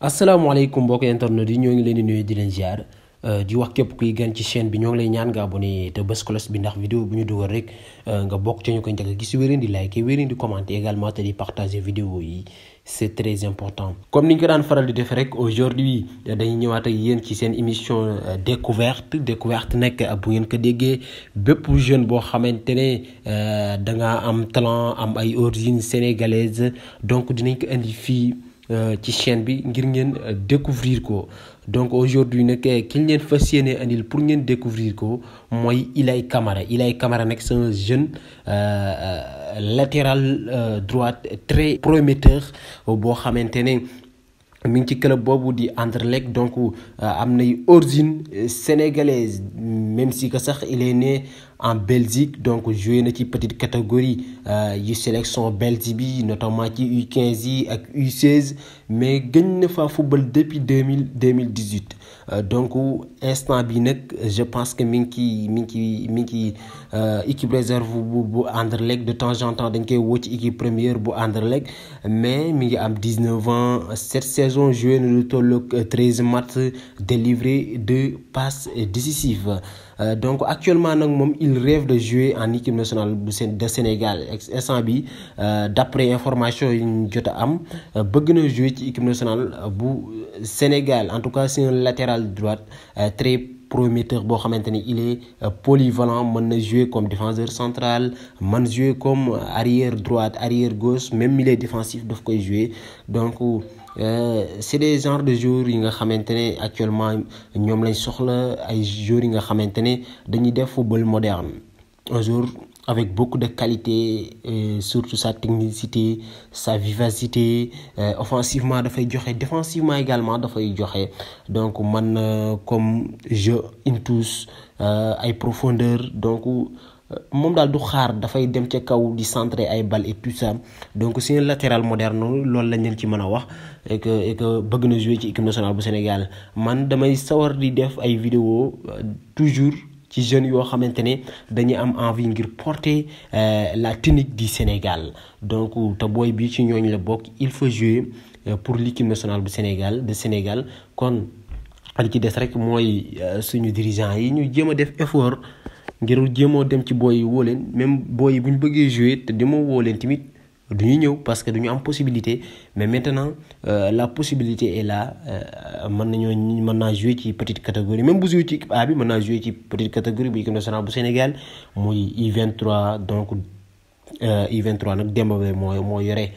assalamu alaykum mbokk internet yi ñoo ngi leen di nuyu di leen ziar euh, di wax képp kuy gën ci chaîne bi ñoo ngi lay ñaan nga abonné te bés cloche bi ndax vidéo bu ñu dugal rek euh, nga bokk ci ñu ko njëkk gis wéren di like wéren di commenter également te di partager vidéo yi c'est très important. comme ni ñu ko daan faral di def rek aujourd'hui dañuy ñëwaat ak yéen ci seen émission euh, découverte découverte nag bu ngeen ko déggee bépp jeune boo xamante ne da nga am talent am ay origine sénégalaise donc dinañ ko indi fii. Euh, ci chaîne bi ngir ngeen euh, découvrir ko donc aujourd'hui nag euh, ki ñu leen fas yéene andil pour ngeen découvrir ko moy Ilay Camara Ilay Camara nag c'est un jeune latéral droite très prometteur bo xamante mi ngi ci club boobu di Anderlecht donc euh, am nay origine euh, sénégalaise même si que sax il est né en Belgique donc joué na ci petite catégorie euh, yu sélection Belgique bi notamment ci U15 yi ak U16 mais gën na fa football depuis 2000 2018 donc instant bi je pense que mi ngi ci mi ngi équipe réserve bu bu Anderlecht de temps en temps dañ koy woo ci équipe première bu Anderlecht mais mi ngi am 19 ans joué jouée, le 13 mars délivré deux passes décisives. Euh, donc actuellement ils rêvent il rêve de jouer en équipe nationale de Sénégal euh, d'après information yi euh, jouer équipe nationale du Sénégal en tout cas c'est un latéral droite très prometteur bo il est polyvalent Il jouer comme défenseur central man jouer comme arrière droite arrière gauche même est défensif daf jouer donc. Euh, c'est des genres de joueurs yi nga xamantene actuellement ñom lañ soxla ay joueurs yi nga xamantene dañuy def football moderne un jour avec beaucoup de qualité euh, surtout sa technicité sa vivacité euh, offensivement fay défensivement également donc man comme jeu in tous ay profondeur donc moom daal du xaar dafay dem ca kaw di centrer ay et tout ça donc c'est un latéral moderne loolu et que et que jouer ci équipe nationale Sénégal man damay sawar di def ay vidéo euh, toujours ci jeunes qui ont envie ngir porter euh, la tunique du Sénégal donc te booy bi ci il faut jouer euh, pour l'équipe nationale du Sénégal de Sénégal kon li ci dirigeant yi ñu effort ngir jéemoo dem ci boy yi woo leen même boy yi bu ñu bëggee jouer te demoo woo leen tamit duñu ñëw parce que duñu am possibilité mais maintenant euh, la possibilité est là euh, mën nañoo mën naa jouer ci petite catégorie même bu jouer ci équipe A bi mën naa jouer ci petite catégorie bu équipe nationale bu Sénégal muy U23 donc euh, U23 nag Demba Mbaye moo moo yore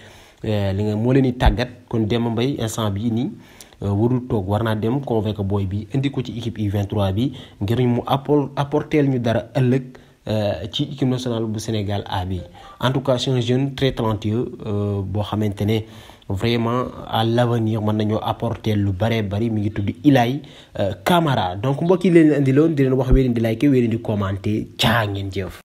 li nga moo leen di tàggat kon Demba Mbaye instant bii nii. Euh, warul toog war naa dem convaincre boy bi indi ko ci équipe U23 bi ngir mu apporter ñu dara ëllëg euh, ci équipe nationale bu Sénégal A bi en tout cas c'est un jeune très talentueux euh, boo xamante ne vraiment à l'avenir mën nañoo apporter lu bare bari mi ngi tudd Ilaay Camara donc mbokk yi leen indi loon di leen wax wéy di like wéy di commenter caa ngeen jëf.